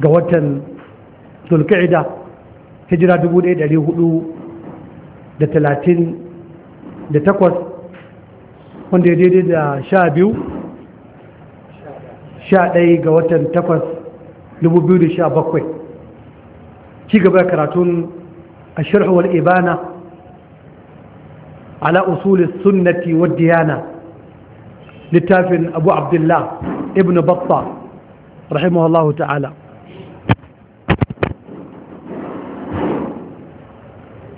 ga watan zulka'ida hijira 1438 wanda ya daidai da sha biyu sha ɗaya ga watan takwas 2017 ci gaba karatun a shirhuwar ibana ala usulis sunnati wa diyana littafin abu abdullah ibn batta rahimahullahu ta'ala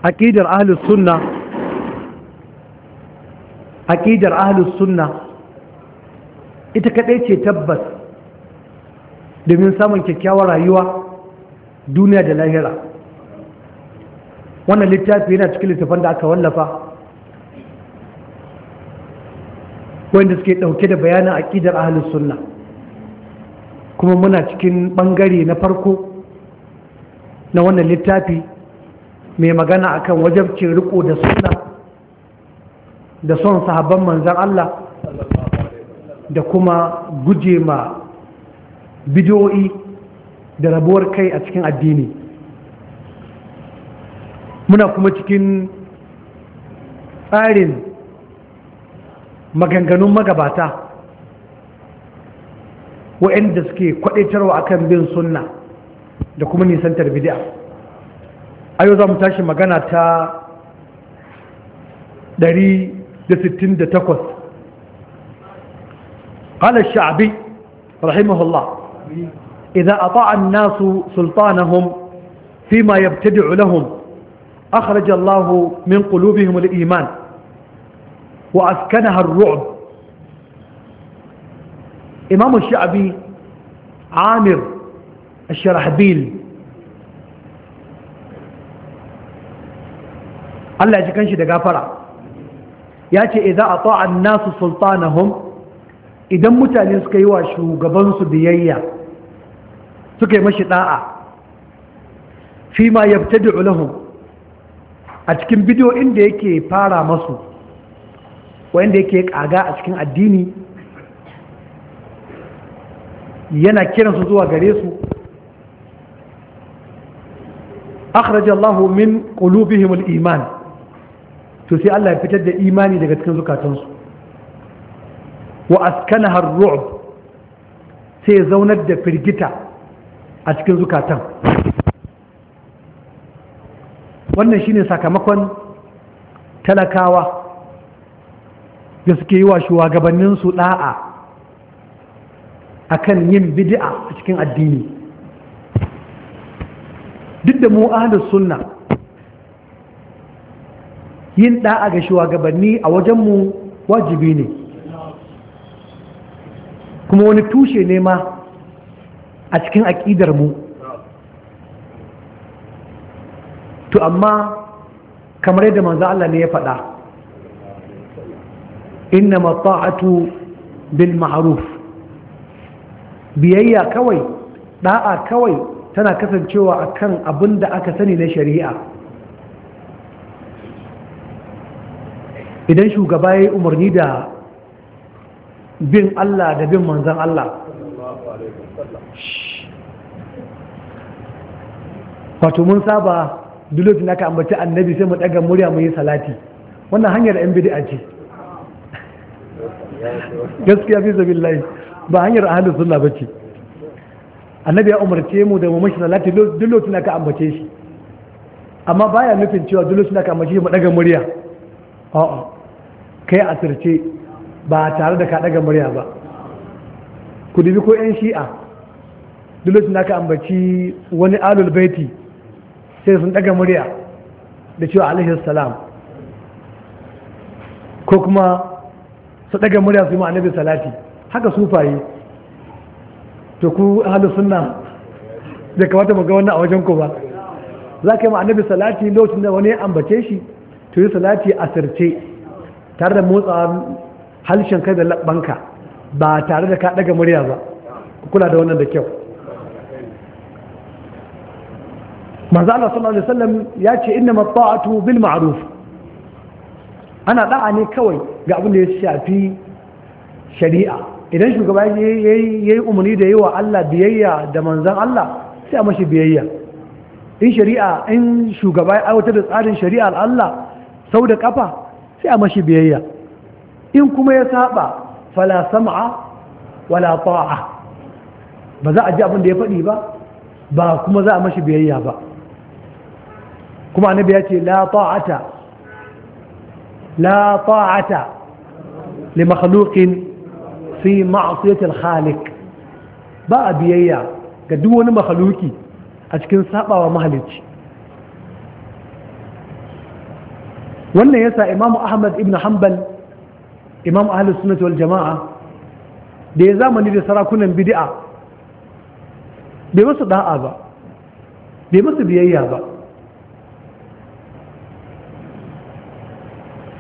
aqidar ahlus sunna aqidar sunna ita kaɗai ce tabbas domin samun kyakkyawar rayuwa duniya da lahira wannan littafi yana cikin littafin da aka wallafa wanda suke ɗauke da bayanin aqidar ahlus sunna kuma muna cikin ɓangare na farko na wannan littafi mai magana akan wajabcin riko da suna da son sahabban manzan Allah da kuma guje ma bidiyo'i da rabuwar kai a cikin addini muna kuma cikin tsarin maganganun magabata wa'anda suke kwaɗaitarwa akan bin sunna da kuma nisantar bid'a a yau za mu tashi magana ta 168 قال الشعبي رحمه الله إذا أطاع الناس سلطانهم فيما يبتدع لهم أخرج الله من قلوبهم الإيمان وأسكنها الرعب إمام الشعبي عامر الشرحبيل Allah ya ji kanshi da gafara ya ce a ata'a an-nasu sultanahum idan mutane suka yi wa shugabansu biyayya suka yi mashi da'a fi ma da lahum a cikin bidiyo inda yake fara masu wanda yake kaga a cikin addini yana kiransu zuwa gare su akhraja min qulubihim al-iman to sai Allah ya fitar da imani daga cikin zukatansu wa askana ru'b sai ya zaunar da firgita a cikin zukatan wannan shine sakamakon talakawa da suke yi wa shugabanninsu da'a akan yin bidi'a a cikin addini duk da mu sunna yin ɗa'a ga shugabanni a wajenmu wajibi ne kuma wani tushe ne ma a cikin aƙidar mu to amma kamar yadda manzo Allah ne ya faɗa inna mata'atu bil ma'ruf biyayya kawai ɗa'a kawai tana kasancewa akan abin da aka sani na shari'a idan shugaba ya yi umarni da bin Allah da bin manzan Allah wato mun saba dulot na ka ambaci annabi sai mu daga murya mu yi salati wannan hanyar yan bid'a ce gaskiya fi sabilillahi ba hanyar ahlus sunna bace annabi ya umarce mu da mu mashi salati dulot na ka ambace shi amma baya nufin cewa dulot na ka ambace shi mu daga murya a'a kai a sirce ba tare da ka daga murya ba ku dubi ko 'yan shi'a dole lokacin da aka ambaci wani alul baiti sai sun ɗaga murya da cewa alaihi salam ko kuma su ɗaga murya su yi annabi salati haka sufaye to ku ahlus sunna da kamata mu ga wannan a wajen ku ba za ka yi annabi salati lokacin da wani ya ambace shi to yi salati a sirce tare da motsa halshen kai da labbanka ba tare da ka daga murya ba kula da wannan da kyau manzo Allah sallallahu alaihi wasallam ya ce inna mata'atu bil ma'ruf ana da'a ne kawai ga abin da ya shafi shari'a idan shugaba ya yi umarni da yawa Allah biyayya da manzan Allah sai a mashi biyayya in shari'a in shugaba ya aiwatar da tsarin shari'ar Allah sau da kafa sai a mashi biyayya in kuma ya saba fala sam'a wala ta'a ba za a ji abin da ya faɗi ba ba kuma za a mashi biyayya ba kuma annabi ya ce la ta'ata la ta'ata li makhluqin fi ma'siyati al-khaliq ba a biyayya ga duk wani makhluki a cikin sabawa mahalicci wannan yasa imam ahmad ibn hanbal imam ahlus Sunat wal jama'a da ya zamani da sarakunan bid'a bai masu da'a ba bai masu biyayya ba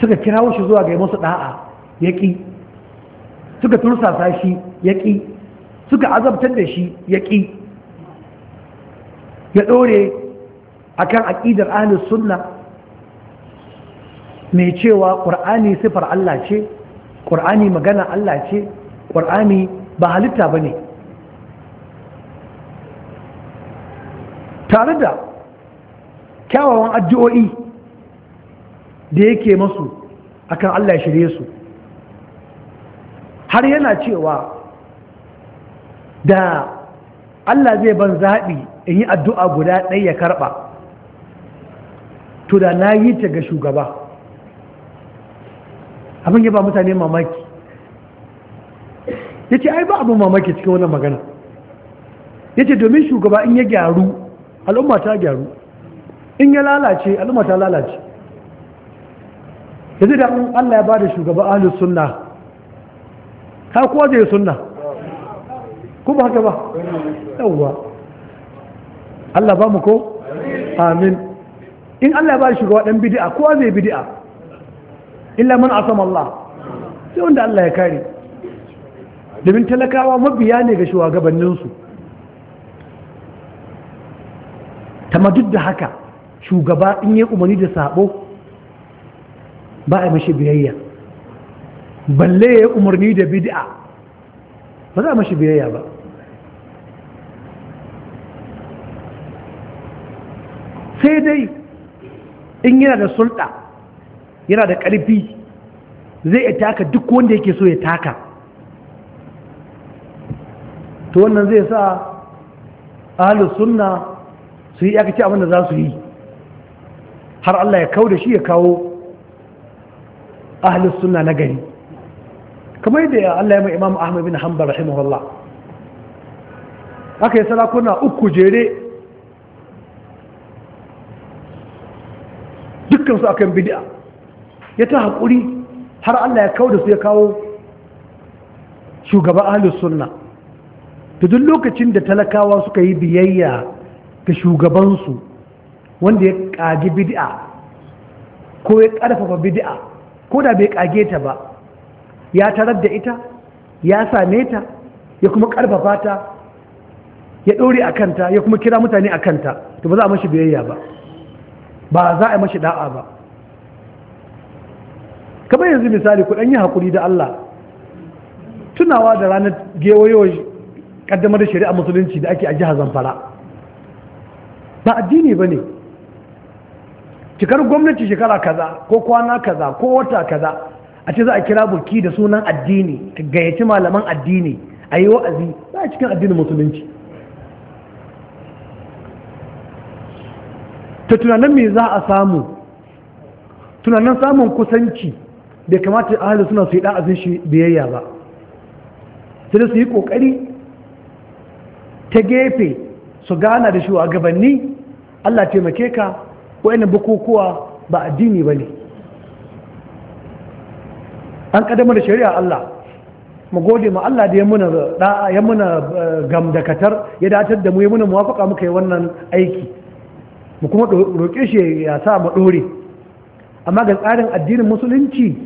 suka kira shi zuwa ga masu da'a yaƙi suka tursasa shi yaƙi suka azabtar da shi yaƙi ya ɗore akan aƙidar ahlus sunna mai cewa ƙur'ani sifar Allah ce ƙur'ani magana Allah ce ƙur'ani ba halitta ba ne tare da kyawawan addu'o'i da yake masu akan Allah ya shirye su har yana cewa da Allah zai ban zaɓi in yi addu'a guda ɗaya karɓa to da na yi ta ga shugaba abin ya ba mutane mamaki ya ce ai ba abin mamaki cikin wannan magana ya ce domin shugaba in ya gyaru al'umma ta gyaru in ya lalace al'umma ta lalace ya da an allah ya ba da shugaba ahalus sunna ta kowa zai sunna ko ba haka ba yawwa allah ba mu ko amin in allah ya ba da shugaba dan bidi'a kowa zai bidi'a illa man asama Allah sai wanda Allah ya kare domin talakawa mabiya ne ga shugabanninsu ma duk da haka shugaba in yi umarni da sabo ba a mashi biyayya balle ya yi umarni da bid'a ba za a mashi biyayya ba sai dai in yana da sulɗa yana da ƙarfi zai iya taka duk wanda yake so ya taka to wannan zai sa ahalu sunna su yi aka abinda za su yi har Allah ya kawo da shi ya kawo ahalu sunna na gari kamar yadda Allah ya mai imam Ahmad bin Hanbal rahimahullah aka yi salakuna uku jere dukkan su akan bid'a ya ta haƙuri har Allah ya kawo da su ya kawo shugaban ahlus sunna da duk lokacin da talakawa suka yi biyayya ga shugabansu wanda ya ƙagi bid'a ko ya ƙarfafa bid'a ko da bai ƙage ta ba ya tarar da ita ya same ta ya kuma ƙarfafa ta ya ɗore a kanta ya kuma kira mutane a kanta to ba za a mashi biyayya ba ba za a mashi da'a ba kamar yanzu misali ku yi hakuri da Allah tunawa da ranar gewayo kaddamar shari'a musulunci da ake a jihar Zamfara ba addini ba ne cikar gwamnati shekara kaza ko kwana kaza ko wata kaza a ce za a kira buki da sunan addini gayyaci malaman addini a yi wa'azi ba a cikin addinin musulunci ta tunanin me za a samu tunanin samun kusanci bai kamata ahalin suna su yi ɗa'azin shi biyayya ba sai su yi ƙoƙari ta gefe su gana da shi, wa gabanni Allah taimake ka wa'annan bukukuwa ba addini ba ne an ƙaddamar da shari'a Allah mu gode ma Allah da ya muna ya muna eh, gamdakatar ya datar da mu ya muna muwafaka muka yi wannan aiki mu kuma roƙe shi ya sa mu ɗore amma ga tsarin addinin musulunci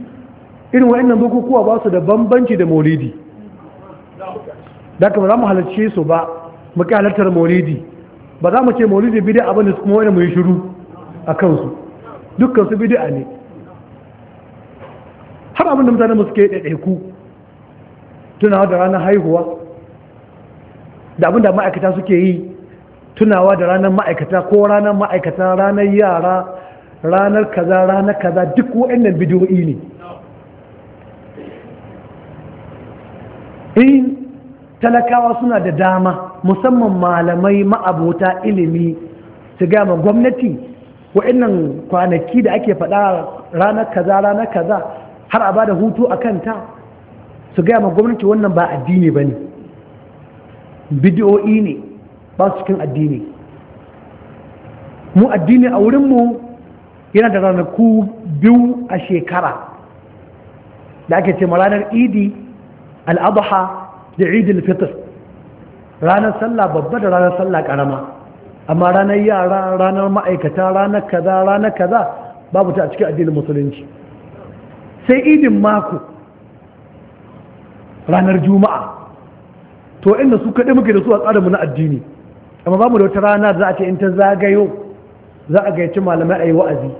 irin wa'annan bukukuwa ba su da bambanci da maulidi da kuma za mu halarci su ba mu kai halartar maulidi ba za mu ce maulidi bid'a abin da kuma wani mu yi shiru a kansu dukkan su a ne har abin da mutane mu suke ɗaiɗaiku tunawa da ranar haihuwa da abin da ma'aikata suke yi tunawa da ranar ma'aikata ko ranar ma'aikata ranar yara ranar kaza ranar kaza duk wa'annan bidiyo'i ne in eh, talakawa suna da dama musamman malamai ma'abota ilimi su gama gwamnati wa'annan kwanaki da ake faɗa ranar kaza ranar kaza har a ba da hutu a kanta su gama gwamnati wannan ba addini ba ne bidiyo'i ne ba su cikin addini mu addini a wurinmu yana da ranaku biyu a shekara da ake ce ranar idi al'adha da idil fitr ranar sallah babba da ranar sallah karama amma ranar yara ranar ma'aikata ranar kaza ranar kaza babu ta a cikin addinin musulunci sai idin mako ranar juma'a to inda su kaɗai muke da su a mu na addini amma ba mu da wata rana za a ce in ta zagayo za a gayyaci malamai a yi wa'azi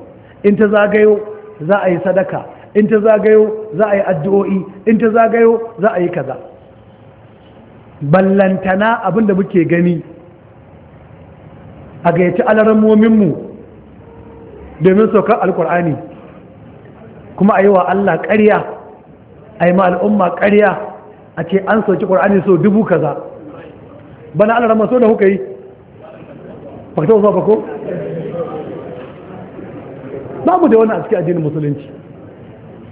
in ta zagayo za a yi sadaka in ta zagayo za a yi addu'o'i in ta zagayo za a yi kaza ballantana da muke gani a gayyaci mu domin saukar alkur'ani kuma a yi wa allah ƙarya a yi ma al'umma ƙarya a ce an sauki ƙur'ani so dubu kaza bana alarama so da kuka yi ba ta wasu ba ko ba mu da wani a cikin addinin musulunci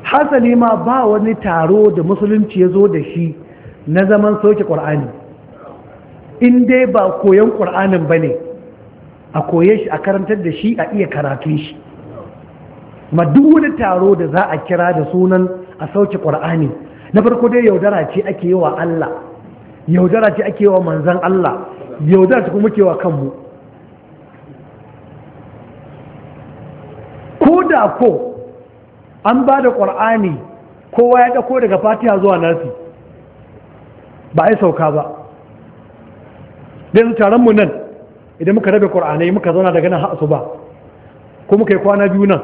hasali ma ba wani taro da musulunci ya zo da shi na zaman soke ƙwar'ani in dai ba koyon ƙwar'anin ba ne a koye shi a karantar da shi a iya karatun shi ma duk wani taro da za a kira da sunan a sauke ƙwar'ani na farko dai yaudara ce ake yi wa Allah yaudara ce ake yi wa manzan Allah yaudara ce kuma ke wa kanmu ko da ko an ba da ƙwar'ani kowa ya ɗako daga fatiha zuwa nasi ba a yi sauka ba don taronmu nan idan muka rabe ƙwar'anai muka zauna daga nan haɗu ba ko muka yi kwana biyu nan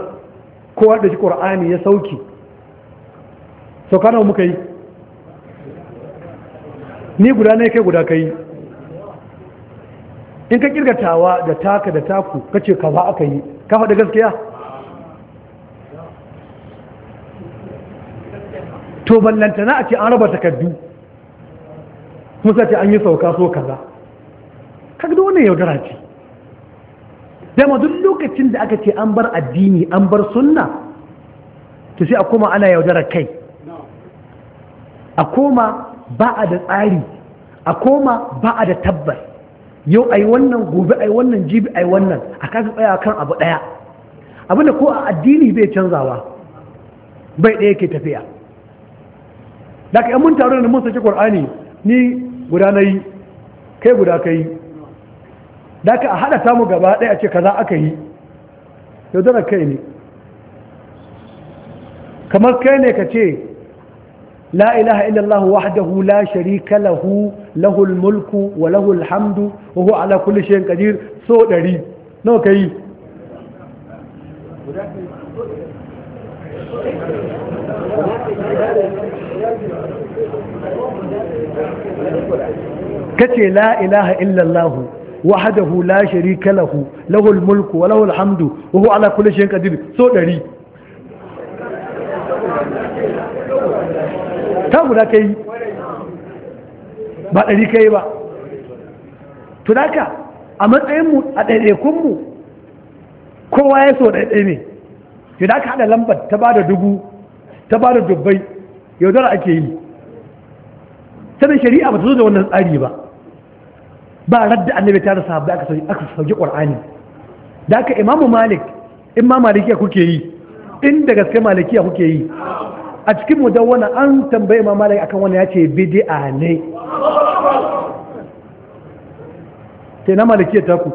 kowa da shi ƙwar'ani ya sauki sauka nawa muka yi ni guda ne kai guda kai in ka kirgatawa da taka da taku kace a aka yi ka faɗi gaskiya to ballantana a ce an raba takardu musa ce an yi sauka so kaza kaga wannan yaudara ce dama duk lokacin da aka ce an bar addini an bar sunna to sai a koma ana yaudara kai a koma ba a da tsari a koma ba a da tabbas yau ai wannan gobe ai wannan jibi ai wannan a kasa tsaya kan abu daya abinda ko a addini bai canzawa bai ɗaya ke tafiya da ka mun taru da mun saki ƙwar'ani ni guda yi kai guda kai da ka a haɗa tamu gaba ɗaya a ce kaza aka yi zara kai ne kamar kai ne ka ce la ilaha illallah wahdahu la sharika lahu lahul mulku wa lahul hamdu wa huwa ala kulli shay'in qadir so dari nawa kai kace la ilaha illallah wahdahu la sharika lahu lahul mulku wa lahul hamdu wa huwa ala kulli shay'in qadir so dari ta guda kai ba dari kai ba to daka a matsayin mu a daidaikun mu kowa ya so daidai ne to daka hada lambar ta bada dubu ta bada dubbai yaudara ake yi sanin shari'a ba ta zo da wannan tsari ba ba radda annabi ta rasa ba aka sauƙi sauki qur'ani da aka imamu malik in ma malikiya kuke yi in da gaske malikiya kuke yi a cikin mudawwana an tambaye imam malik akan wani ya ce bid'a ne ta na malikiya ta ku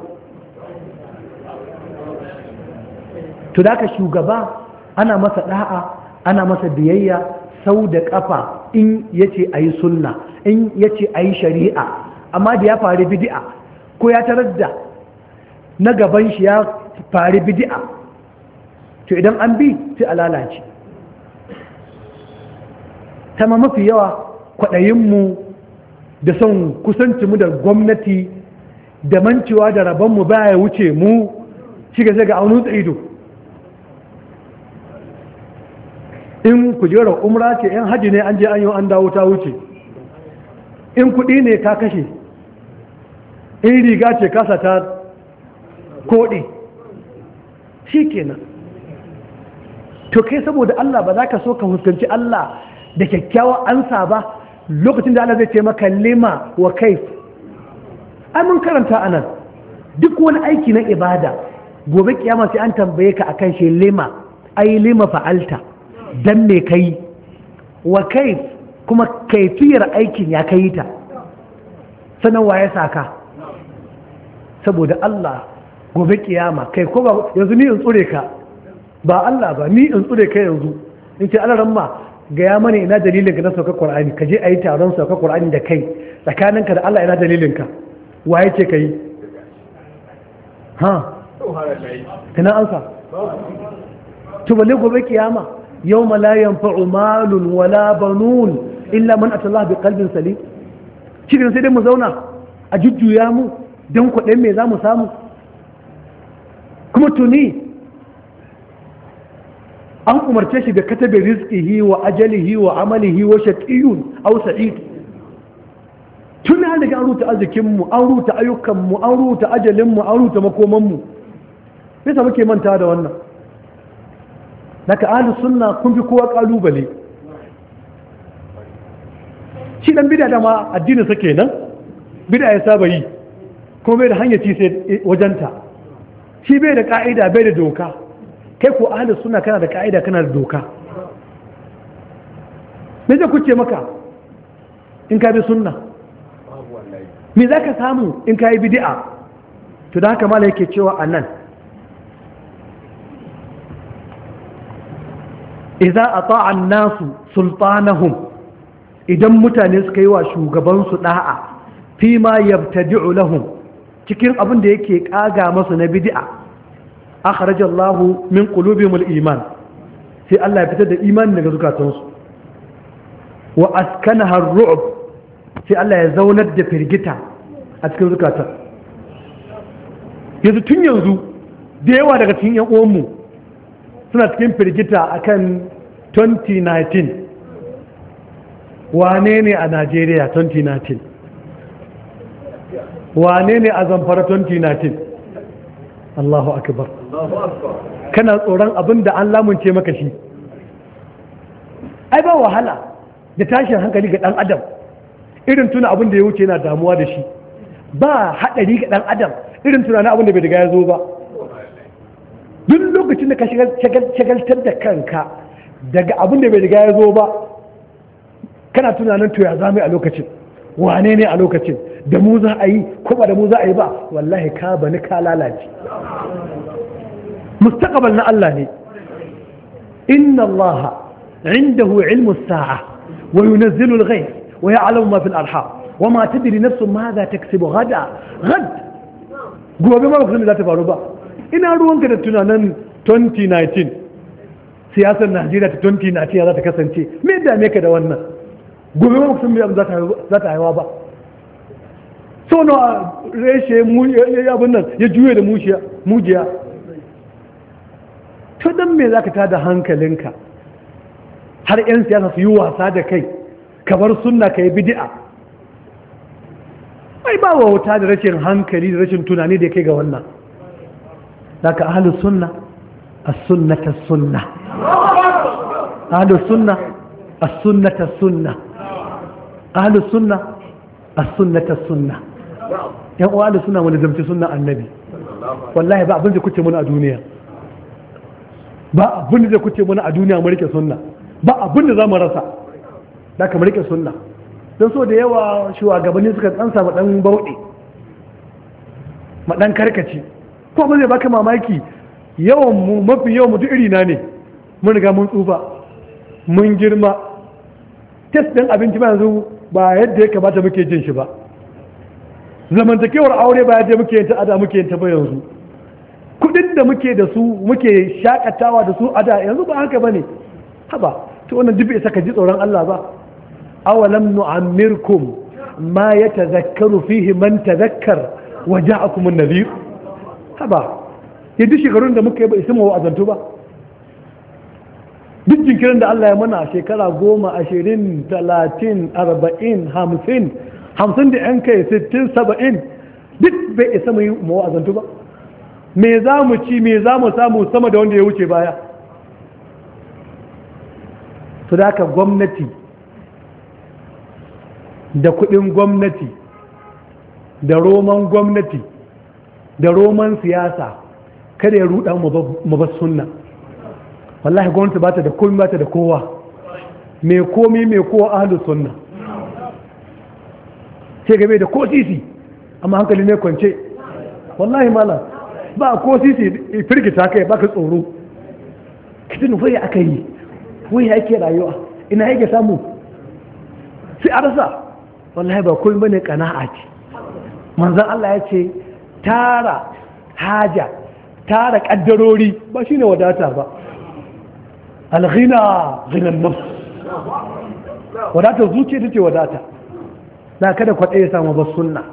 to da aka shugaba ana masa da'a ana masa biyayya sau da kafa in yace ayi sunna in yace ayi shari'a amma da ya fari bidi'a, ko ya tarar da na gaban shi ya fari bidi'a? to idan an bi sai a lalace tama mafi yawa kwaɗayinmu da son kusanci mu da gwamnati da mancewa da rabonmu baya wuce mu shiga sai ga aunu ido in kujerar umra ce in haji ne an je an yi an dawo ta wuce in kuɗi ne ka kashe in riga ce kasa ta kodi shi kenan to kai saboda Allah ba za ka so ka fuskanci Allah da kyakkyawa ansa ba lokacin da Allah zai ce maka lima wa kai ai mun karanta anan duk wani aiki na ibada gobe kiyama sai an tambaye ka akan shi lima ai lima fa'alta dan me kai wa kai kuma kaifiyar aikin ya kai ta sanan wa ya saka saboda Allah gobe kiyama kai ko ba yanzu ni in tsure ka ba Allah ba ni in tsure ka yanzu in ce Allah ramma gaya mana ina dalilin ka na sauka Qur'ani ka je ayi taron sauka Qur'ani da kai tsakaninka da Allah ina dalilin ka waye ce kai ha kana ansa to balle gobe kiyama Yau la yanfa'u malun wala banun illa man atallaha sai dai mu zauna a jujjuya mu don kuɗin me za mu samu kuma tuni an umarce shi da katabe rizqihi wa ajalihi wa amalihi wa shaqiyun aw sa'id tuni an daga an ruta arzikin mu an ruta ayyukan mu an ruta ajalin an ruta makoman mu me muke manta da wannan daga ahli sunna kun fi kowa kalubale shi dan bid'a dama addinin sa kenan bid'a ya saba yi kuma bai da hanyar ci sai wajenta shi bai da ka'ida bai da doka kai ko ahli sunna kana da ka'ida kana da doka me zai kuce maka in ka bi sunna me za ka samu in ka yi bid'a to da haka malai yake cewa a nan idza ata'a an-nasu sultanahum idan mutane suka yi wa shugabansu ɗa'a, fi ma yabtadi'u lahum cikin abin da yake kaga masu na bid'a akhrajallahu min qulubihim al-iman sai Allah ya fitar da imanin daga zukatansu wa askanaha ar sai Allah ya zaunar da firgita a cikin zukatan yanzu tun yanzu da yawa daga cikin yan uwanmu suna cikin firgita a kan 2019 wane ne a najeriya 2019 wane ne a zamfara 2019 allahu akbar kana tsoron abin da an lamunce maka shi ai ba wahala da tashin hankali ga dan adam irin tuna abin da ya wuce yana damuwa da shi ba haɗari ga dan adam irin tunanin abin da bai riga ya zo ba duk lokacin da ka shagaltar da kanka daga abin da bai riga ya zo ba kana tunanin to ya a lokacin wane ne a lokacin da mu za a yi ko ba da mu za a yi ba wallahi ka bani ka lalace mustaqbal na Allah ne inna Allah indahu ilmu sa'a wa yunazzilu al-ghayth wa ya'lamu ma fil arham wa ma tadri nafsun madha taksubu ghada ghad gobe ma faru ba ina ruwanka da tunanin 2019 siyasar najeriya ta 2019 za ta kasance me dame ka da wannan gobe ba kusan biya za ta haiwa ba so na reshe ya nan ya juye da mujiya to don me za ka tada hankalinka har 'yan siyasa su yi wasa da kai kamar sunna ka yi bidi'a ai ba wa wuta da rashin hankali da rashin tunani da ya kai ga wannan daga ahalus sunna as-sunnata ta sunna ahalus sunna as-sunnata ta sunna ahalus sunna as-sunnata ta sunna yan uwa ahalus sunna wani zamci sunna annabi wallahi ba abin da kuke mana a duniya ba abin da kuke mana a duniya mu rike sunna ba abin da za mu rasa da ka mu rike sunna don so da yawa shugabanni suka tsansa ma dan bauɗe ma dan karkace ko ba zai baka mamaki yawan mu mafi yawan mutu iri na ne mun riga mun tsufa mun girma test din abinci ba yanzu ba yadda ya kamata muke jin shi ba zamantakewar aure ba yadda muke ada muke ba yanzu kudin da muke da su muke shakatawa da su ada yanzu ba haka bane haba to wannan dubi saka ji tsoron Allah ba awalam nu'ammirkum ma yatazakkaru fihi man tazakkar wa ja'akum nadhir Ba ya duk shekarun da muka yi ba isa mawa azantu ba duk jinkirin da Allah ya mana shekara goma ashirin talatin arba'in hamsin hamsin da yan kai sittin saba'in duk bai isa mu yi mawa azantu ba me za mu ci me za mu samu sama da wanda ya wuce baya su da haka gwamnati da kudin gwamnati da roman gwamnati da roman siyasa kada ya ruɗa mu ba sunna wallahi gwamnati ba ta da komi ba ta da kowa mai komi mai kowa ahalu sunna sai game da ko sisi amma hankali ne kwance wallahi mala ba ko sisi firgita kai baka tsoro kitin ya aka yi ya ake rayuwa ina yake samu sai a rasa wallahi ba komi bane kana'a ce manzan Allah ya ce tara haja tara kaddarori ba shine wadata ba alghina ghinan nafs wadata zuciya tace wadata Na kada kwaɗe ya samu ba sunna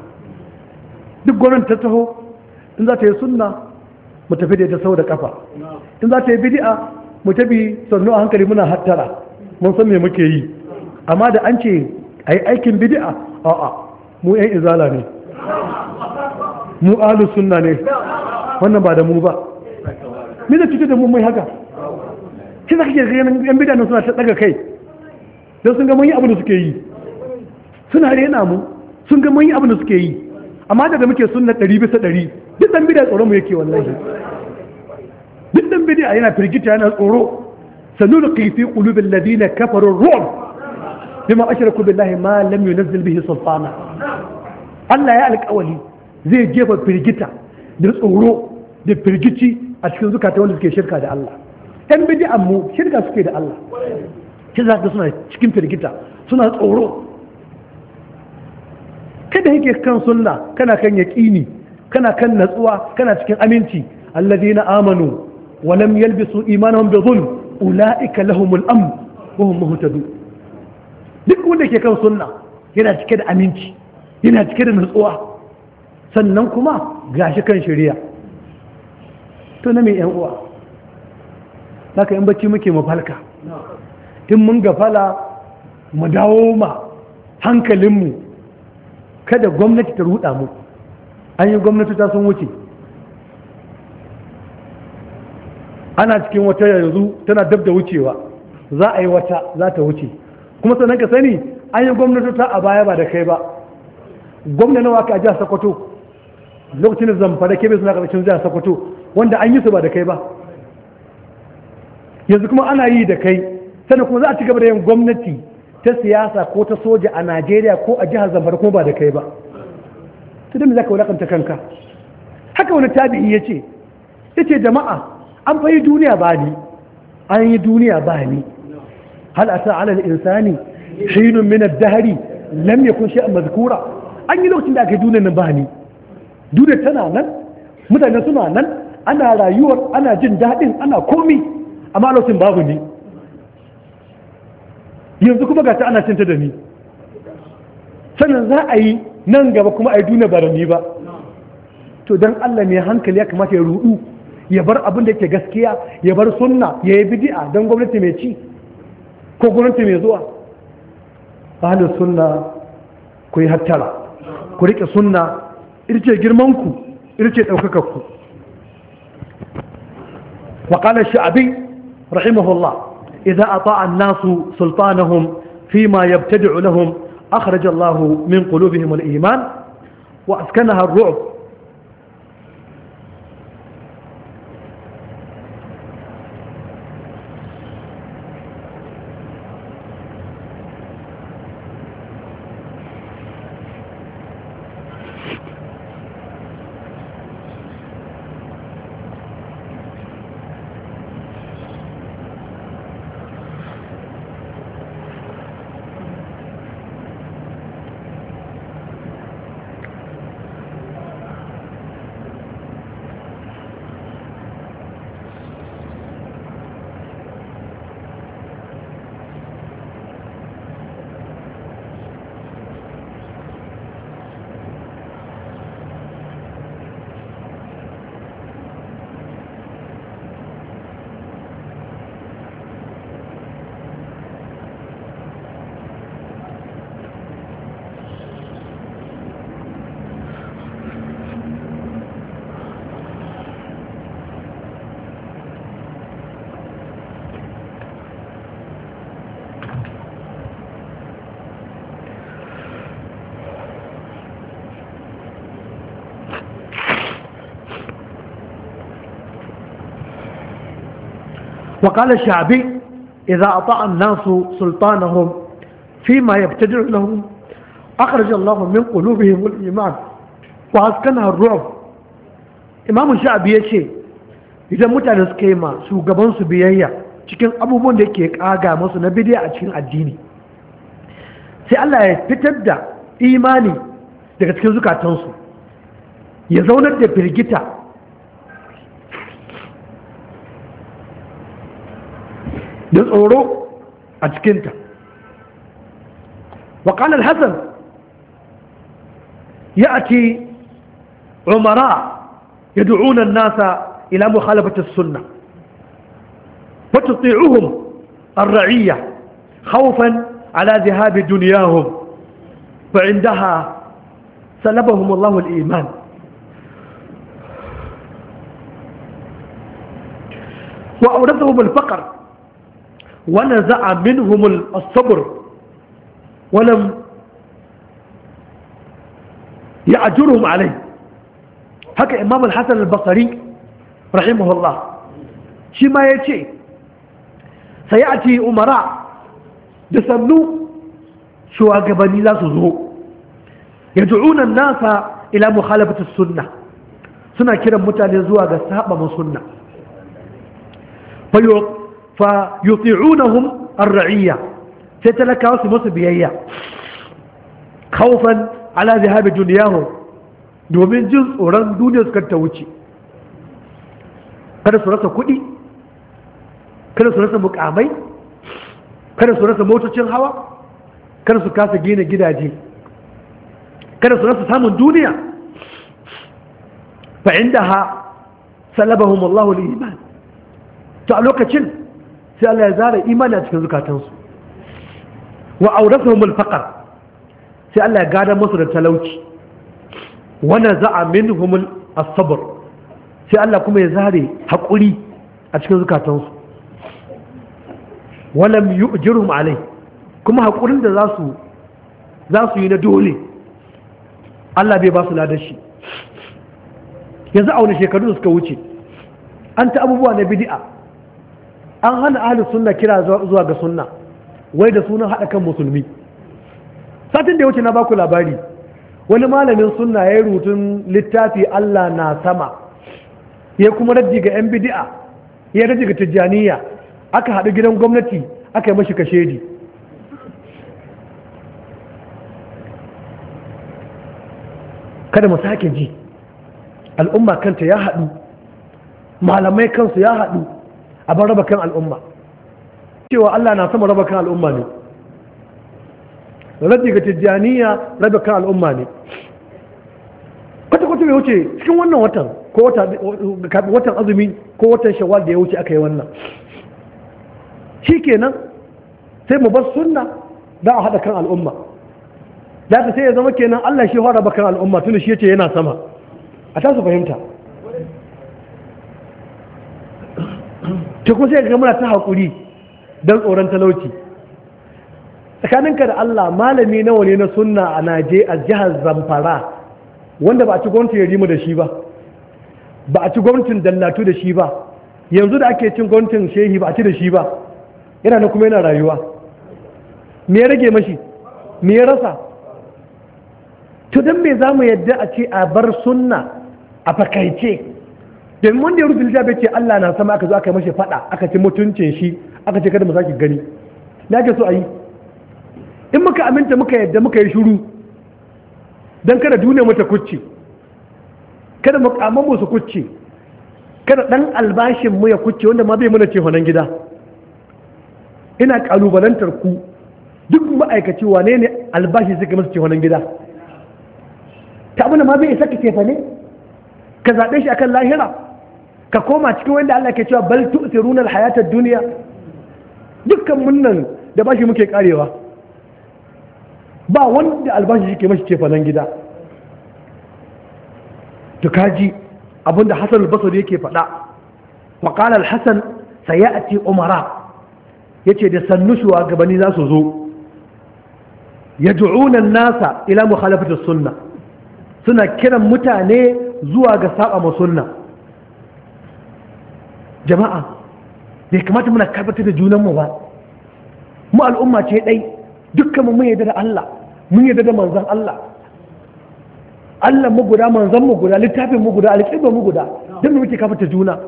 duk gwamnati ta taho in za ta yi sunna mu tafi da ita sau da kafa in za ta yi bid'a mu tafi sannu a hankali muna hattara mun san me muke yi amma da an ce a yi aikin bidi'a, a'a mu yan izala ne mu alu sunna ne wannan ba da mu ba me zai kike da mu mai haka shi za ka ke ganin yan bidanin suna ta daga kai don sun ga mun yi abin da suke yi suna rena mu sun ga mun yi abin da suke yi amma daga muke sunna 100 bisa ɗari duk dan bidan tsoro mu yake wallahi duk dan bidan yana firgita yana tsoro sanulqi fi qulubi alladhina kafaru ar-ru'b بما أشركوا بالله ما لم ينزل به سلطانا الله يا القولي zai jefa firgita da tsoro da firgici a cikin zukata wanda suke shirka da Allah yan bid'an mu shirka suke da Allah shi za ka suna cikin firgita suna tsoro kada yake kan sunna kana kan yaqini kana kan natsuwa kana cikin aminci alladhina amanu walam yalbisu imanahum bi dhulm ulaika lahumul amn wa hum muhtadun duk wanda ke kan sunna yana cike da aminci yana cike da natsuwa sannan kuma gashi kan shirya to na mai yan uwa ka in bacci muke mafalka tun mun gafala mu dawo ma hankalinmu kada gwamnati ta ruda mu an yi gwamnati ta sun wuce ana cikin wata yanzu tana dab da wucewa za a yi wata za ta wuce kuma sannan ka sani an yi gwamnati ta a baya ba da kai ba gwamna nawa ka a jihar sokoto lokacin zamfara kebe suna ƙarƙashin jihar sokoto wanda an yi su ba da kai ba yanzu kuma ana yi da kai sannan kuma za a ci gaba da yin gwamnati ta siyasa ko ta soja a najeriya ko a jihar zamfara kuma ba da kai ba ta dami za ka wulakanta kanka haka wani tabi'i ya ce ya ce jama'a an fayi duniya ba ni an yi duniya ba ni hal asa alal insani shinun min ad-dahri lam yakun shay'an mazikura, an yi lokacin da aka yi duniya nan ba ni duk tana nan mutane suna nan ana rayuwar ana jin daɗin ana komi amma lokacin babu ni yanzu kuma ga ta ana cinta da ni sannan za a yi nan gaba kuma a yi duniya ba da ni ba to don Allah ne hankali ya kamata ya rudu ya bar abin da ke gaskiya ya bar sunna ya yi bidi'a don gwamnati mai ci ko gwamnati mai zuwa ahalin sunna ku yi hattara ku rike sunna irce girmanku irce وقال الشعبي رحمه الله إذا أطاع الناس سلطانهم فيما يبتدع لهم أخرج الله من قلوبهم الإيمان وأسكنها الرعب وقال الشعبي إذا أطاع الناس سلطانهم فيما يبتدع لهم أخرج الله من قلوبهم الإيمان وأسكنها الرعب إمام الشعبي يشي idan mutane suka yi ma shugabansu biyayya cikin abubuwan da ke kaga masu na bidiya a cikin addini sai Allah ya fitar da imani daga cikin zukatansu ya zaunar da firgita للأورو tsoro وقال الحسن يأتي عمراء يدعون الناس إلى مخالفة السنة وتطيعهم الرعية خوفا على ذهاب دنياهم فعندها سلبهم الله الإيمان وأورثهم الفقر ونزع منهم الصبر ولم يعجرهم عليه haka imam al-hassan al-basari rahimahullah shi ma ya ce sai a ce umara da sannu gabani za su zo ya ju'unan nasa ila muhalafatus sunna suna kiran mutane zuwa ga saba sunna fa hum! an raiyya sai talakawa su musu biyayya khawfan ala dhahabi dunyahum domin jin tsoron duniya su ta wuce kada su rasa kuɗi kada su rasa mukamai kada su rasa motocin hawa kada su kasa gina gidaje kada su rasa samun duniya fa inda ha salabahum Allahu iman to a lokacin sai Allah ya zara imani a cikin zukatansu wa auratuhum al faqar sai Allah ya gada musu da talauci wa naza'a minhum as-sabr sai Allah kuma ya zare hakuri a cikin zukatansu wa lam yu'jirum alai kuma hakurin da zasu zasu yi na dole Allah bai ba su ladashi yanzu a wani shekaru da suka wuce an ta abubuwa na bid'a an hana ahli sunna kira zuwa ga sunna wai da sunan haɗa kan musulmi satin da ya wuce na baku labari wani malamin sunna ya yi rutun littafi Allah na sama ya kuma raddi ga 'yan bidi'a ya raddi ga tijjaniya aka haɗu gidan gwamnati aka yi mashi kashedi kada mu sake ji al'umma kanta ya haɗu malamai kansu ya haɗu abin raba kan al'umma cewa Allah na sama raba kan al'umma ne rabi ga tijjaniya raba kan al'umma ne kwata-kwata bai wuce cikin wannan watan ko watan azumi ko watan shawar da ya wuce aka yi wannan shi kenan sai mu bar sunna za a haɗa kan al'umma da ta sai ya zama kenan Allah shi fara bakan al'umma tun shi ya ce yana sama a tasu fahimta to kuma sai ga muna ta haƙuri don tsoron talauci tsakaninka da Allah malami nawa ne na sunna a naje a jihar Zamfara wanda ba a ci gwamnati Yarimu da shi ba ba a ci gwamnatin dallatu da shi ba yanzu da ake cin gwamnatin shehi ba a ci da shi ba yana na kuma yana rayuwa me ya rage mashi me ya rasa to don me za mu yadda a ce a bar sunna a fakaice domin wanda ya rufe bai ce Allah na sama aka zo aka mashi fada aka ce mutuncin shi aka ce kada mu sake gani na ke so ayi. in muka aminta muka yadda muka yi shuru don kada duniya mata kucce kada mukamman mu su kucce kada dan albashin mu ya kucce wanda ma bai mana ce honan gida ina kalubalantar ku duk ma'aikaci wane ne albashi suka masa ce honan gida ta abin ma bai isa ka ce ne ka zaɓe shi akan lahira ka koma cikin wanda Allah ke cewa bal tu'thiruna al-hayata ad-dunya dukkan mun nan da bashi muke karewa ba wanda albashi ke mashi ce falan gida to kaji abinda Hassan al-Basri yake faɗa wa qala al-Hasan sayati umara yace da sannu gabani za su zo yad'una an-nasa ila mukhalafati as-sunnah suna kiran mutane zuwa ga saba ma sunna jama'a bai kamata muna karbata da junanmu ba mu al'umma ce ɗai dukkanmu mun yarda da Allah mun yarda da manzon Allah Allah mu guda manzon mu guda littafin mu guda alƙibba mu guda don muke kafata juna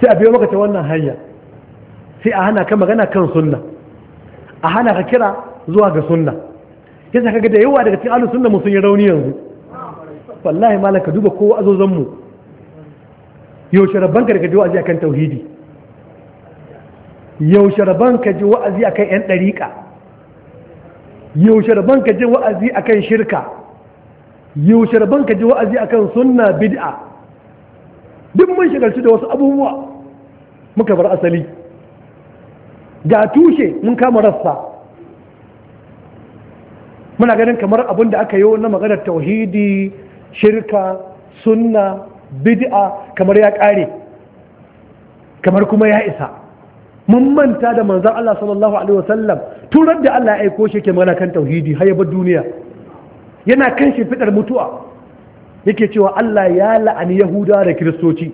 sai a biyo maka ta wannan hanya sai a hana ka magana kan sunna a hana ka kira zuwa ga sunna yasa kaga da yawa daga cikin ahlus sunna mu sun yi rauni yanzu wallahi malaka duba kowa azozan mu yaushe rabban ka daga wa'azi akan tauhidi yaushe rabban ka ji wa'azi akan yan ɗariƙa yaushe rabban ka ji wa'azi akan shirka yaushe rabban ka ji wa'azi akan sunna bid'a duk mun shigarci da wasu abubuwa muka bar asali ga tushe mun kama rassa muna ganin kamar abin da aka yi na maganar tauhidi shirka sunna bid'a kamar ya ƙare kamar kuma ya isa mun manta da manzan Allah sallallahu alaihi wasallam turar da Allah ya aiko shi ke magana kan tauhidi har duniya yana kan shi fitar mutuwa yake cewa Allah ya la'ani Yahuda da Kiristoci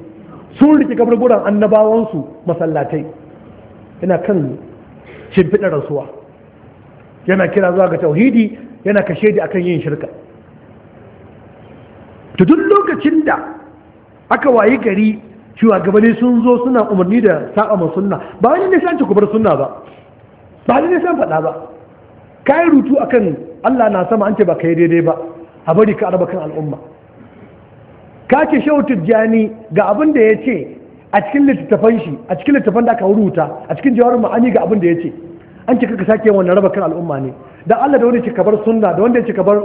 sun rike kaburburan annabawansu masallatai yana kan shimfiɗar rasuwa yana kira zuwa ga tauhidi yana kashe da akan yin shirka to duk lokacin da aka wayi gari shugabanni sun zo suna umarni da saba ma sunna ba wani ne san ku sunna ba ba wani ne san faɗa ba kai rutu akan Allah na sama an ce ba kai daidai ba a bari ka araba kan al'umma ka ce shehu tijjani ga abin da ya ce a cikin littattafan shi a cikin littattafan da aka rubuta a cikin jawarin ma'ani ga abin da ya ce an ce kaka sake wannan raba kan al'umma ne da Allah da wanda ya ce ka sunna da wanda ya ce ka bar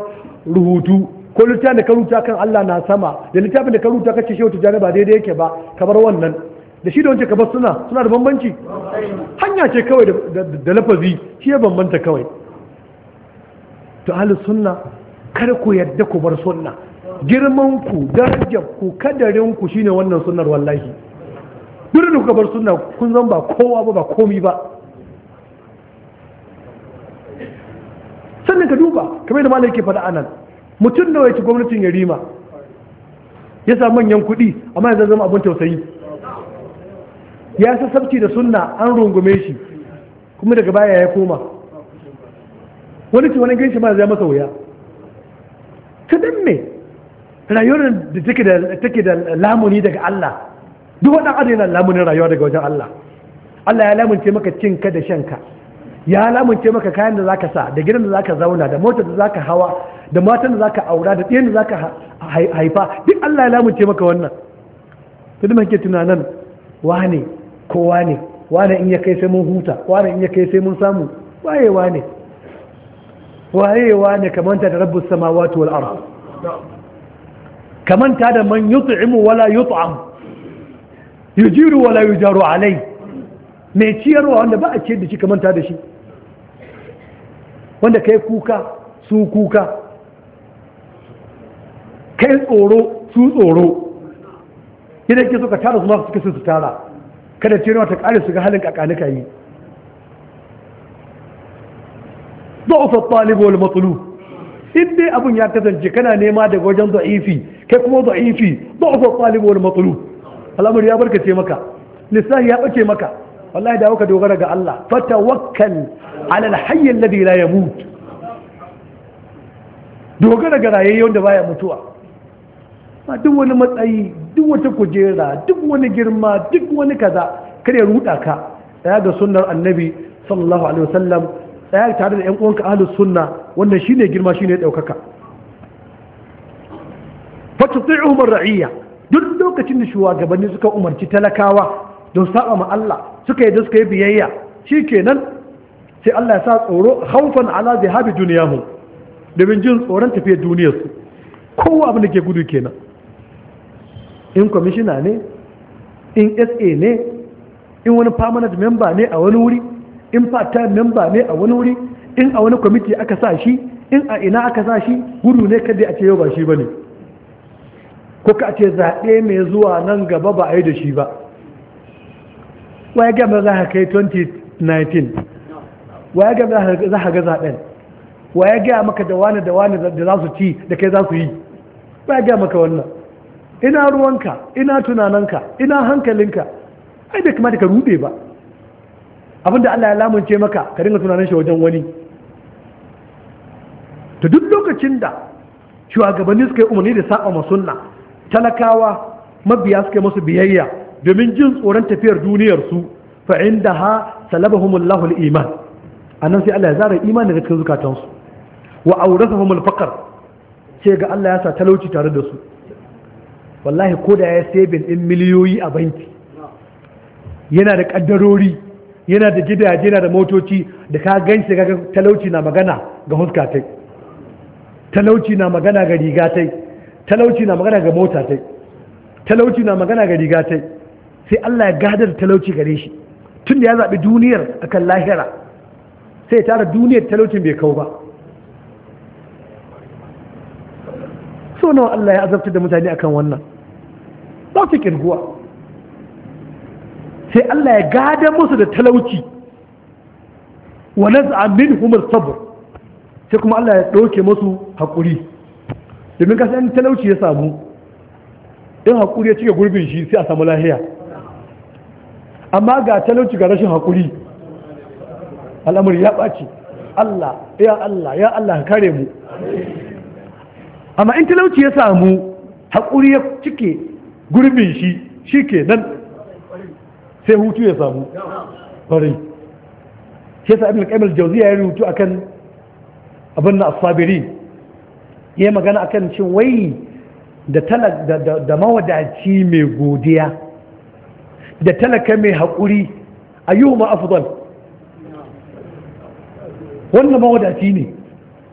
rubutu ko littafin da ka rubuta kan Allah na sama da littafin da ka rubuta kace shehu tijani ba daidai yake ba kamar wannan da shi da wancan kamar suna suna da bambanci hanya ce kawai da lafazi shi ya bambanta kawai to ahli sunna kada ku yadda ku bar sunna girman ku darajar ku kadarin ku shine wannan sunnar wallahi duk da kuka bar sunna kun zan ba kowa ba ba komi ba sannan ka duba kamar da malaka ke faɗa anan mutum nawa yake gwamnatin ya rima ya sa manyan kuɗi amma yanzu zama abin tausayi ya sabci da sunna an rungume shi kuma daga baya ya koma wani ci wani ginshi ma zai masa wuya ta dan me rayuwar da take da da lamuni daga Allah duk waɗanda adam lamunin rayuwa daga wajen Allah Allah ya lamunce maka cinka da shanka ya lamunce maka kayan da zaka sa da gidan da zaka zauna da motar da zaka hawa da matan da zaka aura da ɗiyan da zaka haifa duk Allah ya lamunce maka wannan to duk ke tunanan wane ko wane wane in ya kai sai mun huta wane in ya kai sai mun samu waye wane waye wane kamanta da rabbus samawati wal ardh kamanta da man yut'imu wala yut'am yujiru wala yujaru alai mai ciyarwa wanda ba a ciyar da shi kamanta da shi wanda kai kuka su kuka kai tsoro su tsoro yadda ke so ka tara su masu suka su tara kada ce ta kare su ga halin kakanika yi da'ufa talibu wal matlu in dai abun ya kasance kana nema daga wajen za'ifi kai kuma da'ifi da'ufa talibu wal matlu al'amari ya barkace maka lissahi ya ɓace maka wallahi da ka dogara ga Allah fatawakkal ala alhayy alladhi la yamut dogara ga rayayye wanda baya mutuwa ma duk wani matsayi duk wata kujera duk wani girma duk wani kaza kare ruda ka tsaya ga sunnar annabi sallallahu alaihi wasallam tsaya tare da yan uwanka ahlus sunna wannan shine girma shine daukaka fatuti'uhum ar-ra'iyya duk lokacin da shugabanni suka umarci talakawa don saba ma Allah suka yi da suka yi biyayya shi kenan sai Allah ya sa tsoro haufan ala zihabi da domin jin tsoron tafiyar su, kowa abin da ke gudu kenan in kwamishina ne in sa ne in wani permanent member ne a wani wuri in part-time member ne a wani wuri in a wani kwamiti aka sa shi in a ina aka sa shi gudu ne kadai a ce yau ba shi ba ne ko ka ce zaɓe mai zuwa nan gaba ba a yi da shi ba waya gaba za ka kai 2019 waya gaba za ka ga zaɓen waya gaya maka da wani da wani da za su ci da kai za su yi waya gaya maka wannan ina ruwanka ina tunananka ina hankalinka ai bai kamata ka rube ba abinda Allah ya lamunce maka ka dinga tunanin shi wajen wani to duk lokacin da shugabanni suka yi umarni da saba masunna talakawa mabiya suka yi musu biyayya domin jin tsoron tafiyar duniyarsu fa inda ha salabahumullahu al-iman annan sai Allah ya zara imani daga cikin zukatansu wa awrasahum al-faqr ce ga Allah ya sa talauci tare da su wallahi ko da ya saving din miliyoyi a banki yana da kaddarori yana da gidaje yana da motoci da ka ganshi ga talauci na magana ga huska talauci na magana ga riga talauci na magana ga mota tai talauci na magana ga riga sai Allah ya gadar talauci gare shi tun da ya zaɓi duniyar akan lahira sai ya tara duniyar talaucin bai kawo ba so nawa Allah ya azabtar da mutane akan wannan ba su kirguwa sai Allah ya gada musu da talauci wa naz'a minhum sabr sai kuma Allah ya ɗauke musu haƙuri domin kasan talauci ya samu in haƙuri ya cike gurbin shi sai a samu lahiya amma ga talauci ga rashin haƙuri al’amuri ya ɓaci Allah ya Allah ya Allah kare mu amma in talauci ya samu haƙuri ya cike gurbin shi shi ke nan sai hutu ya samu ƙwarai shi yasa ibn qayyim ya a akan abin na asabiri ya magana akan cin wai da mawadaci mai godiya da talaka mai haƙuri ayyuhuma afdal wannan mawadaci ne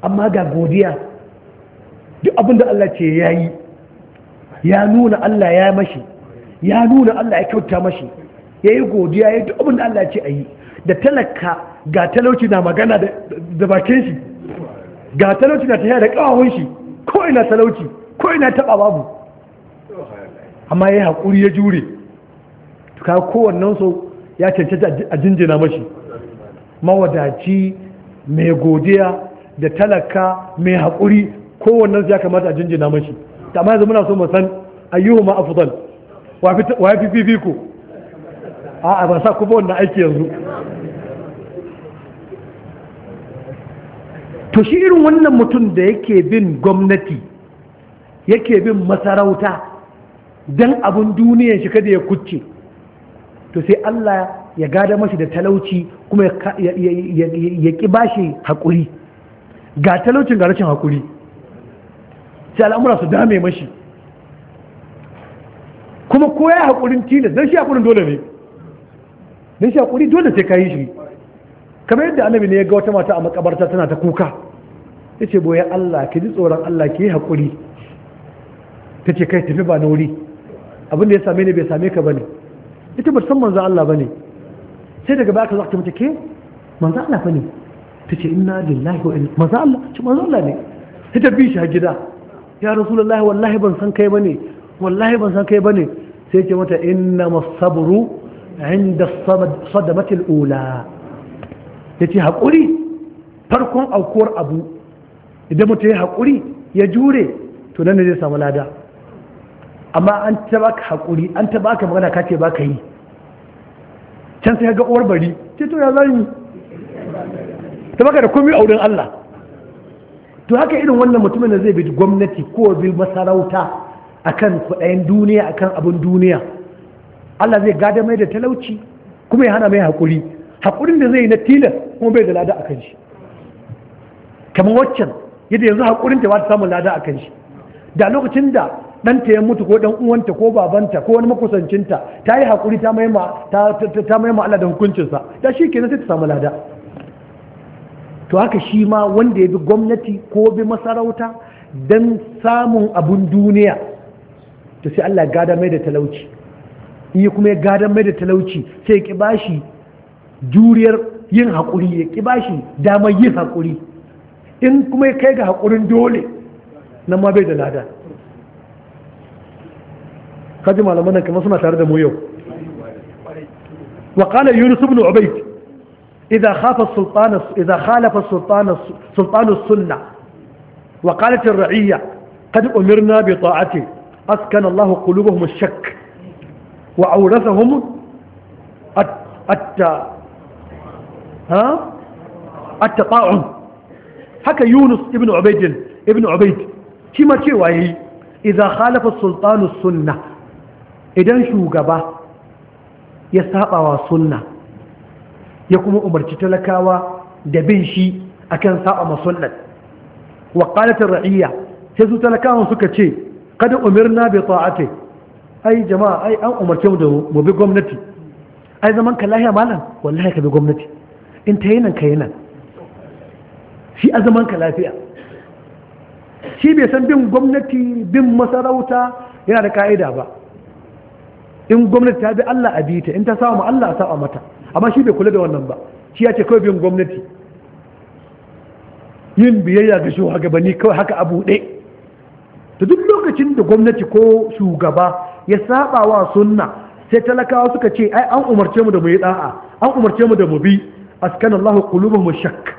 amma ga godiya duk abinda Allah ce ya yi ya nuna Allah ya mashi ya nuna Allah ya kyauta mashi ya yi godiya ya duk abinda Allah ce a yi da talaka ga talauci na magana da bakin shi ga talauci na tafiya da kawawun shi ko ina talauci ko ina taɓa babu amma ya yi haƙuri ya jure ka kowannensu ya cancanta a jinjina mashi mawadaci mai godiya da talaka mai haƙuri kowannensu ya kamata a jinjina mashi ta amma yanzu muna so mu san ayyuhu ma afdal wa fi fifiko a'a ba sa ku ba wannan aiki yanzu to shi irin wannan mutum da yake bin gwamnati yake bin masarauta don abin duniyar shi kada ya kucce to sai Allah ya gada mashi da talauci kuma ya ƙi bashi haƙuri ga talaucin ga rashin haƙuri sai al'amura su dame mashi kuma ko ya haƙurin tilas don shi haƙurin dole ne don shi haƙuri dole sai ka yi shi kamar yadda annabi ne ya ga wata mata a makabarta tana ta kuka ya ce boye Allah ki ji tsoron Allah ki yi haƙuri ta ce kai tafi ba na wuri abin da ya same ni bai same ka ba ne ita ba san manzo Allah bane sai daga baya ka zaka mata ke manzo Allah bane tace inna lillahi wa inna manzo Allah ce manzo Allah ne ta tabbi shi a gida ya rasulullahi wallahi ban san kai bane wallahi ban san kai bane sai ce mata inna masabru inda sadamatil ula yace hakuri farkon aukuwar abu idan mutum ya hakuri ya jure to nan ne zai samu lada amma an ta baka haƙuri an ta baka magana ka ce baka yi can sai ga uwar bari ce to ya yi ta baka da komi a wurin Allah to haka irin wannan mutumin da zai bi gwamnati ko bi masarauta akan kudayen duniya akan abin duniya Allah zai gada mai da talauci kuma ya hana mai haƙuri haƙurin da zai yi na tilas kuma bai da lada a kan shi kamar waccan yadda yanzu haƙurin ta ba ta samun lada a kan shi da lokacin da ɗanta ya mutu ko ɗan uwanta ko babanta ko wani makusancinta ta yi haƙuri ta mai ma Allah da hukuncinsa ta shi kenan sai ta samu lada to haka shi ma wanda ya bi gwamnati ko bi masarauta dan samun abun duniya to sai Allah gada mai da talauci iya kuma ya gada mai da talauci sai ki bashi juriyar yin haƙuri ya ki bashi damar yin haƙuri in kuma ya kai ga haƙurin dole nan ma bai da lada kaji malaman kamar suna tare da mu yau wa qala yunus ibn ubayd idza khafa khalafa sultana sultanu sunna wa qalat ar-ra'iyya qad umirna bi ta'ati askana Allah qulubuhum ash-shakk wa awrathahum at-ta ha at-ta'un haka yunus ibn ubayd ibn ubayd kima cewa yayi idza khalafa sultanu sunna idan shugaba ya sabawa sunna ya kuma umarci talakawa da bin shi akan saba ma wa qalat ar-ra'iyya sai su talakawa suka ce kada umirna bi ta'ati ai jama'a ai an umarce mu da mu bi gwamnati ai zaman ka lahiya malam wallahi ka bi gwamnati in ta yinan ka yinan shi a zaman ka lafiya shi bai san bin gwamnati bin masarauta yana da ka'ida ba in gwamnati ta bi Allah a bi ta in ta samu Allah a saba mata amma shi bai kula da wannan ba shi ya ce kawai bin gwamnati yin biyayya ga shugabanni kawai haka abu buɗe Ta duk lokacin da gwamnati ko shugaba ya saba wa sunna sai talakawa suka ce ai an umarce mu da mu yi da'a an umarce mu da mu bi askana Allah mu shak.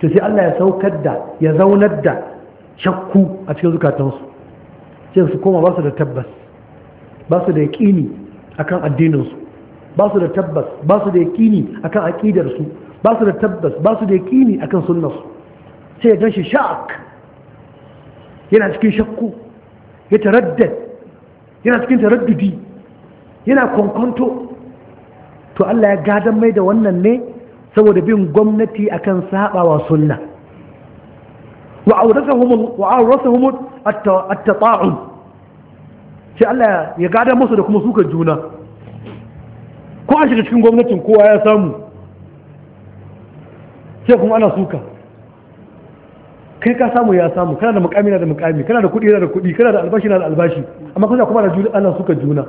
to sai Allah ya saukar da ya zaunar da shakku a cikin zukatansu sai su koma ba su da tabbas ba su da yaƙini akan addininsu ba su da tabbas ba su da yaƙini akan aƙidarsu ba su da tabbas ba su da yaƙini akan sunnarsu sai ya ganshi shak, yana cikin shakku ya taraddad yana cikin taraddudi yana kwankwanto to Allah ya gadon mai da wannan ne saboda bin gwamnati akan sabawa sunna wa aurasahum at-tata'un sai Allah ya gada musu da kuma suka juna ko an shiga cikin gwamnatin kowa ya samu sai kuma ana suka kai ka samu ya samu kana da mukami na da mukami kana da kuɗi na da kuɗi kana da albashi na da albashi amma kuma kuma da ana suka juna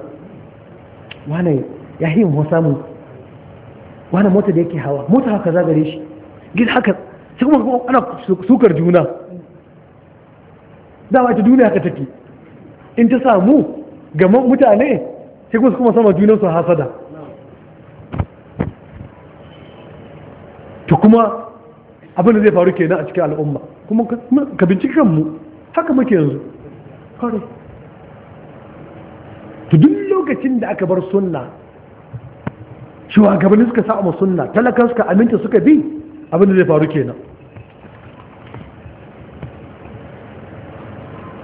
wane ya yi mu samu wane mota da yake hawa mota haka za gare shi gid haka sai kuma ana sukar juna dama ita duniya haka take in ta samu ga mutane sai kuma sama su hasada to kuma abin da zai faru kenan a cikin al'umma kuma ka binciki kanmu haka muke yanzu kare to duk lokacin da aka bar sunna gabanin suka sa'a sunna talakan suka aminta suka bi abin da zai faru kenan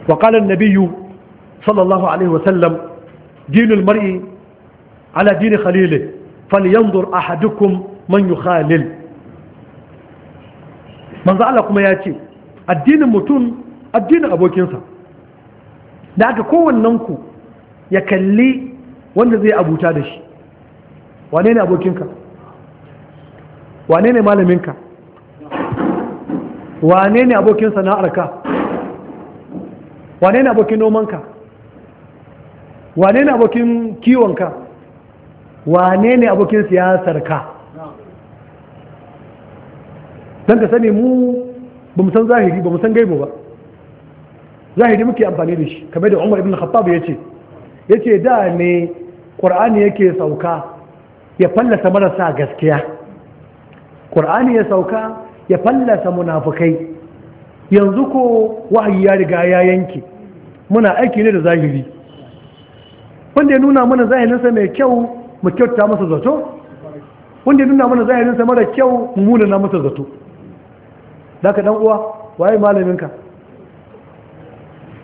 وقال النبي sallallahu alaihi wasallam dinul mar'i ala dini khalili falyanzur ahadukum man yukhalil manzo Allah kuma ya ce addinin mutum addinin abokinsa da aka kowannen ya kalli wanda zai abuta da shi wane abokinka wane malaminka wane ne abokin sana'arka wane ne abokin nomanka wane ne abokin kiwonka wane ne abokin siyasarka don ka sani mu ba san zahiri ba san gaibo ba zahiri muke amfani da shi kame da umar ibn khattab ya ce ya ce da ne ƙur'ani yake sauka ya fallasa marasa gaskiya ƙur'ani ya sauka ya fallasa munafukai yanzu ko wahayi ya riga ya yanke muna aiki ne da zahiri wanda ya nuna mana zahirinsa mai kyau mu kyauta masa zato wanda ya nuna mana zahirinsa mara kyau mu muna na masa zato da ka uwa waye malaminka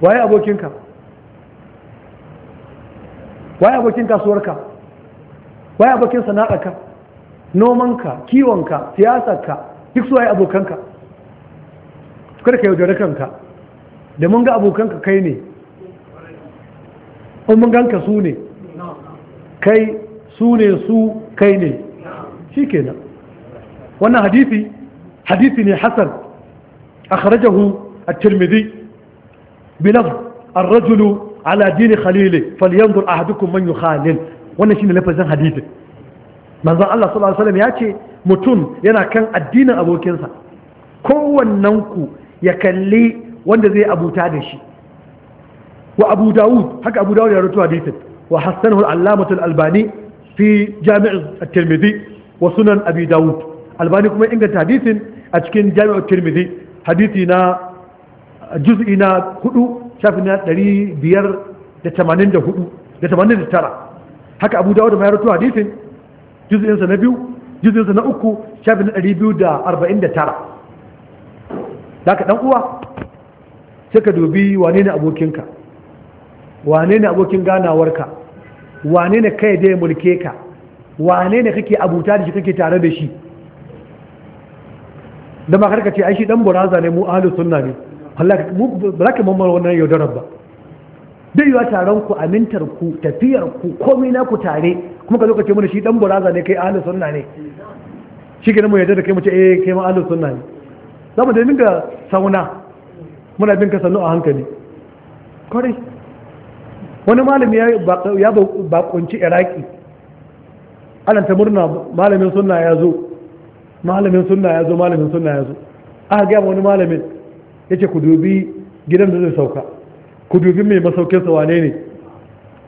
waye abokinka waye abokin kasuwarka waye abokin sana'arka nomanka kiwonka siyasarka duk su waye abokanka kada ka yaudare kanka da mun ga abokanka kai ne in mun ganka su ne kai su ne su kai ne shi kenan wannan hadisi hadisi ne Hassan akhrajahu a tirmidhi bilaf ar ala dini khalili falyanzur ahadukum man yukhalil wannan shine lafazin hadisi manzon Allah sallallahu alaihi wasallam ya ce mutum yana kan addinin abokinsa kowannen ku ya kalli wanda zai abuta da shi wa abu dawud haka abu dawud ya rutu hadisin wa hassanahu al-allamatu al-albani fi jami' at-tirmidhi wa sunan abi dawud albani kuma inganta hadisin a cikin jami' at-tirmidhi hadisi na juz'i na hudu shafi na ɗari biyar da tamanin tamanin da da da hudu tara haka abu dawud ma ya rutu hadisin juz'in sa na biyu juz'in sa na uku shafi na ɗari biyu da arba'in da tara ka ɗan uwa sai ka dubi wane ne abokinka wane ne abokin ganawarka wane ne kai da ya mulke ka wane ne kake abuta da shi kake tare da shi da ma karka ce ai shi dan buraza ne mu ahlus sunna ne wallahi mu ba ka mamman wannan yaudarar ba dai yawa taron ku amintar ku tafiyar ku komai na ku tare kuma ka zo ka ce mana shi dan buraza ne kai ahlus sunna ne shi ke mu yadda da kai mu ce eh kai ma ahlus sunna ne za mu da dinga sauna muna bin ka sannu a hankali kwarai wani malami ya bakunci iraki alanta murna malamin sunna ya zo malamin sunna ya zo malamin sunna ya zo aka gaya wani malamin ya ce ku dubi gidan da zai sauka ku dubi mai masaukin sa wane ne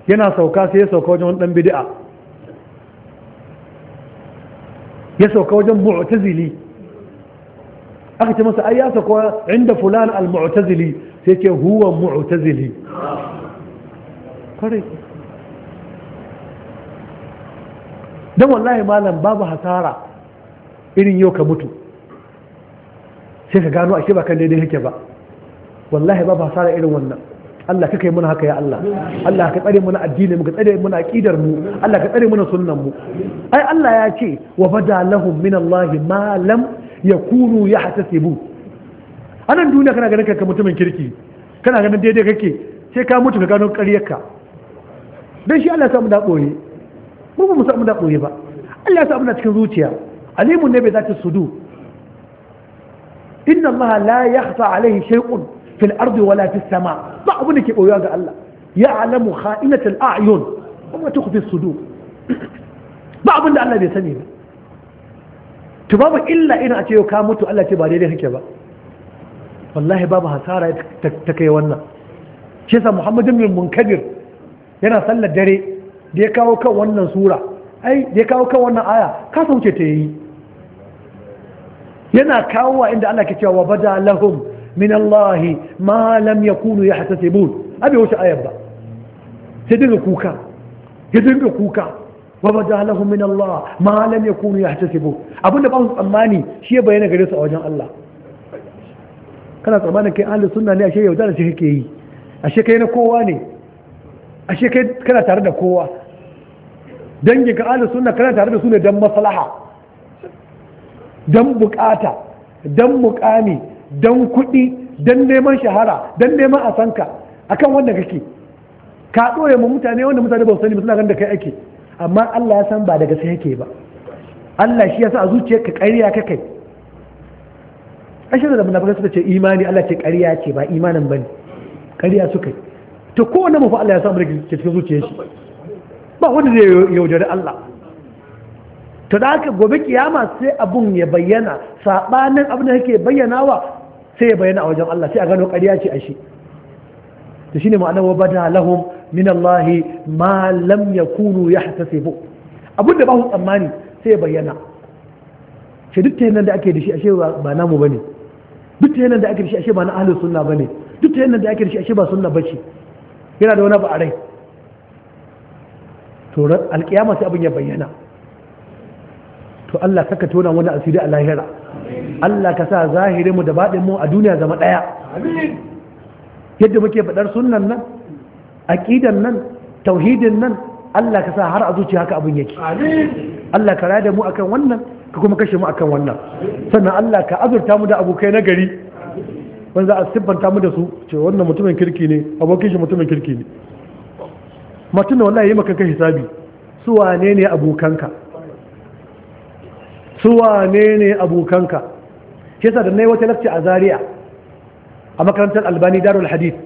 yana sauka sai ya sauka wajen wani dan bid'a ya sauka wajen mu'tazili aka ce masa ai ya sauka inda fulan al-mu'tazili sai ce huwa mu'tazili kwarai don wallahi malam babu hasara irin yau ka mutu sai ka gano a ba kan daidai hake ba wallahi babu hasara irin wannan Allah ka kai muna haka ya Allah Allah ka tsare muna addinin mu ka tsare muna aqidar mu Allah ka tsare muna sunnan mu ai Allah ya ce wa bada lahum min Allah ma lam yakunu yahtasibu anan duniya kana ganin kanka mutumin kirki kana ganin daidai kake sai ka mutu ka gano ƙaryarka dan shi Allah ya samu da ɓoye mu ba mu samu da ɓoye ba Allah ya samu na cikin zuciya alimun ne bai zata sudu inna Allah la yakhfa alaihi shay'un fil ardi wala fis sama ba abu ne ke ɓoyewa ga Allah ya'lamu kha'inatal a'yun kuma tukhfi sudu ba abu da Allah bai sani ba to babu illa ina a ce yau ka mutu Allah ce ba daidai kake ba wallahi babu hasara ta kai wannan shi sa muhammadin bin Munkadir yana sallar dare da ya kawo kan wannan sura ai da ya kawo kan wannan aya ka sauce ta yi yana kawo wa inda Allah ke cewa bada lahum min Allah ma lam yakunu yahtasibun abi wuce ayar ba sai dinga kuka ya dinga kuka wa bada lahum min Allah ma lam yakunu yahtasibun abinda ba su tsammani shi ya bayyana gare su a wajen Allah kana tsammanin kai ahlus sunna ne ashe yaudara shi kake yi ashe kai na kowa ne ashe kai kana tare da kowa dangin ka ahlus sunna kana tare da su ne dan maslaha dan bukata dan mukami dan kuɗi dan neman shahara dan neman a sanka akan wanda kake ka doye mu mutane wanda mutane ba su sani suna ganin da kai ake amma Allah ya san ba daga sai yake ba Allah shi ya sa a ka ƙarya ka kai ashe da munafikai suka ce imani Allah ce ƙarya ce ba imanin bane ƙarya suka yi to kowane mafi Allah ya samu daga cikin zuciyar shi ba wanda zai yaudari Allah to da haka gobe kiyama sai abun ya bayyana sabanin abin da yake wa sai ya bayyana a wajen Allah sai a gano ƙarya ce a shi to shine ma'anar wa bada lahum min Allah ma lam yakunu yahtasibu abin da ba su tsammani sai ya bayyana shi duk tayin da ake da shi ashe ba namu ba ne? duk tayin da ake da shi ashe ba na ahlus sunna ne? duk tayin da ake da shi ashe ba sunna bace yana da wani ba a rai to alkiyama sai abin ya bayyana to Allah ka tona wani asiri a lahira Allah ka sa zahirin mu da baɗin mu a duniya zama ɗaya yadda muke faɗar sunnan nan aƙidan nan tauhidin nan Allah ka sa har a zuciya haka abin yake Allah ka rada mu akan wannan ka kuma kashe mu akan wannan sannan Allah ka azurta mu da abokai na gari wanda za a siffanta mu da su ce wannan mutumin kirki ne abokin shi mutumin kirki ne mutum wallahi yi maka hisabi su wane ne abokanka su wane ne abokanka shi yasa da nayi wata lafci a Zariya a makarantar Albani Darul Hadith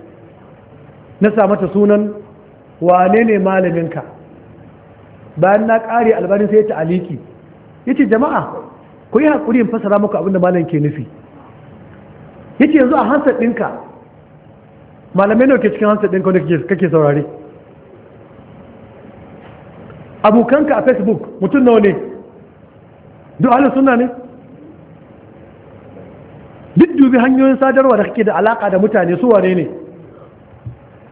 na sa mata sunan wane ne malaminka bayan na kare Albani sai ta aliki ce jama'a ku yi hakuri in fasara muku abinda malam ke nufi yake yanzu a hansa ɗinka malamai ne ke cikin hansa ɗinka wanda kake saurari? abokanka a facebook mutum nawa ne duk halin suna ne duk dubi hanyoyin sadarwa da kake da alaka da mutane su wane ne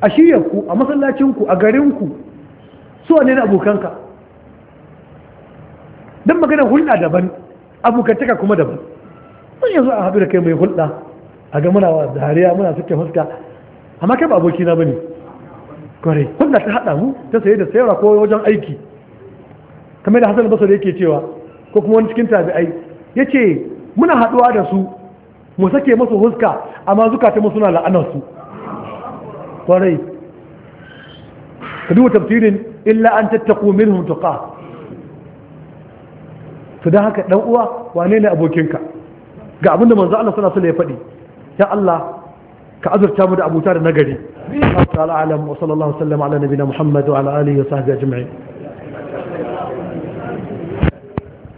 a shiryarku a masallacinku a garinku su wane ne abokanka don maganar hulɗa daban abokantaka kuma daban sun yanzu a haɗu da kai mai hulɗa a ga muna wa dariya muna suke fuska amma kai ba aboki na bane kwarai da ta hada mu ta saye da sayarwa ko wajen aiki kamar da Hassan Basri yake cewa ko kuma wani cikin tabi'ai yace muna haduwa da su mu sake musu huska amma zukata mu suna la'anar su kwarai ka duba tafsirin illa an tattaku minhum tuqa to dan haka dan uwa wane ne abokinka ga abinda manzo Allah sallallahu alaihi wasallam ya faɗi ya Allah ka azurta mu da abuta da nagari Allah ta'ala alam wa sallallahu sallam ala nabina Muhammad wa ala alihi wa sahbihi ajma'in